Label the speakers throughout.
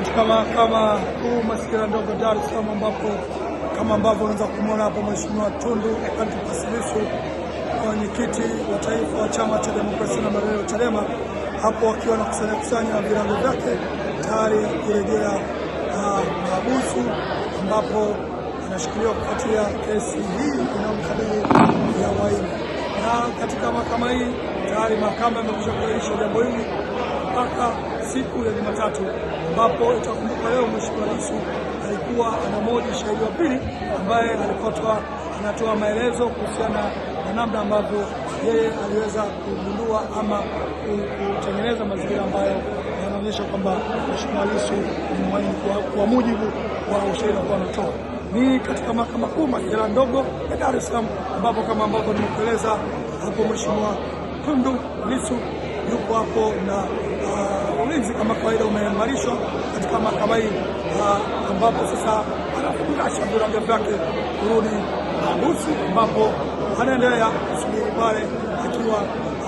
Speaker 1: katika mahakama kuu masikira ndogo Dar es Salaam, ambapo kama ambavyo unaweza kumwona hapo Mheshimiwa Tundu Antipas Lissu, mwenyekiti wa taifa wa Chama cha Demokrasia na Maendeleo CHADEMA, hapo wakiwa na kusanya kusanya virango vyake tayari kurejea ah, mahabusu, ambapo anashikiliwa kufuatia kesi hii inayomkabili ya uhaini. Na katika mahakama hii tayari mahakama imekwisha kuairisha jambo hili mpaka siku ya Jumatatu, ambapo itakumbuka leo Mheshimiwa Rais alikuwa ana moja shahidi wa pili ambaye alikuwa anatoa maelezo kuhusiana na namna ambavyo yeye aliweza kugundua ama kutengeneza mazingira ambayo yanaonyesha kwamba Mheshimiwa Lissu ni mwalimu kwa mujibu wa ushahidi ambao anatoa. Ni katika mahakama kuu masijara ndogo ya Dar es Salaam, ambapo kama ambavyo nimekueleza hapo, Mheshimiwa Tundu Lissu yuko hapo na ulinzi kama kawaida umeimarishwa katika mahakama hii, ambapo sasa anafungasha vilago vyake kurudi Agusi, ambapo anaendelea kusubiri pale akiwa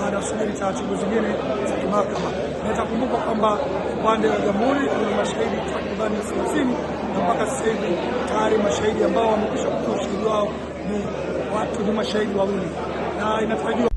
Speaker 1: anasubiri taratibu zingine za kimahakama. Nitakumbuka kwamba upande wa jamhuri kuna mashahidi takribani thelathini na mpaka sasa hivi tayari mashahidi ambao wamekwisha kutoa ushahidi wao ni watu ni mashahidi wawili na inatarajiwa